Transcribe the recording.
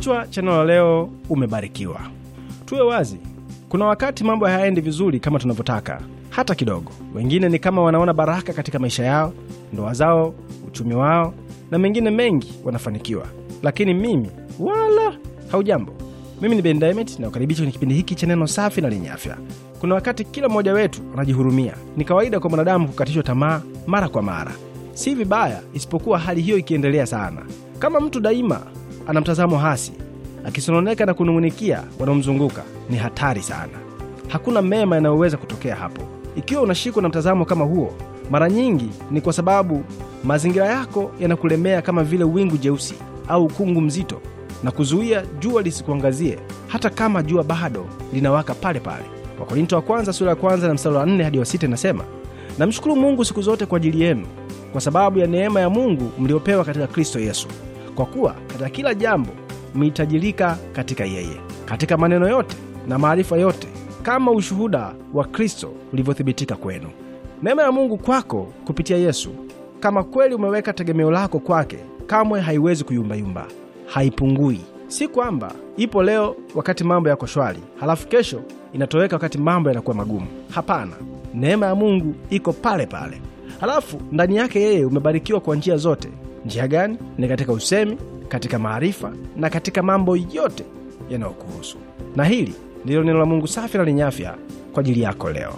Kichwa cha neno la leo, umebarikiwa. Tuwe wazi, kuna wakati mambo hayaendi vizuri kama tunavyotaka hata kidogo. Wengine ni kama wanaona baraka katika maisha yao, ndoa zao, uchumi wao na mengine mengi, wanafanikiwa. Lakini mimi wala haujambo. Mimi ni Ben Diamond na ukaribisha kwenye kipindi hiki cha neno safi na lenye afya. Kuna wakati kila mmoja wetu anajihurumia. Ni kawaida kwa mwanadamu kukatishwa tamaa mara kwa mara, si vibaya, isipokuwa hali hiyo ikiendelea sana, kama mtu daima ana mtazamo hasi akisononeka na kunung'unikia wanaomzunguka, ni hatari sana. Hakuna mema yanayoweza kutokea hapo. Ikiwa unashikwa na mtazamo kama huo, mara nyingi ni kwa sababu mazingira yako yanakulemea kama vile wingu jeusi au ukungu mzito na kuzuia jua lisikuangazie hata kama jua bado linawaka pale pale. Wakorinto wa kwanza sura ya kwanza na mstari wa nne hadi wa sita inasema, namshukuru Mungu siku zote kwa ajili yenu kwa sababu ya neema ya Mungu mliopewa katika Kristo Yesu, kwa kuwa katika kila jambo mitajirika katika yeye, katika maneno yote na maarifa yote, kama ushuhuda wa Kristo ulivyothibitika kwenu. Neema ya Mungu kwako kupitia Yesu, kama kweli umeweka tegemeo lako kwake, kamwe haiwezi kuyumbayumba, haipungui. Si kwamba ipo leo wakati mambo yako shwari, halafu kesho inatoweka wakati mambo yanakuwa magumu. Hapana, neema ya Mungu iko pale pale, halafu ndani yake yeye umebarikiwa kwa njia zote. Njia gani? Ni katika usemi katika maarifa na katika mambo yote yanayokuhusu. Na hili ndilo neno la Mungu safi na lenye afya kwa ajili yako leo.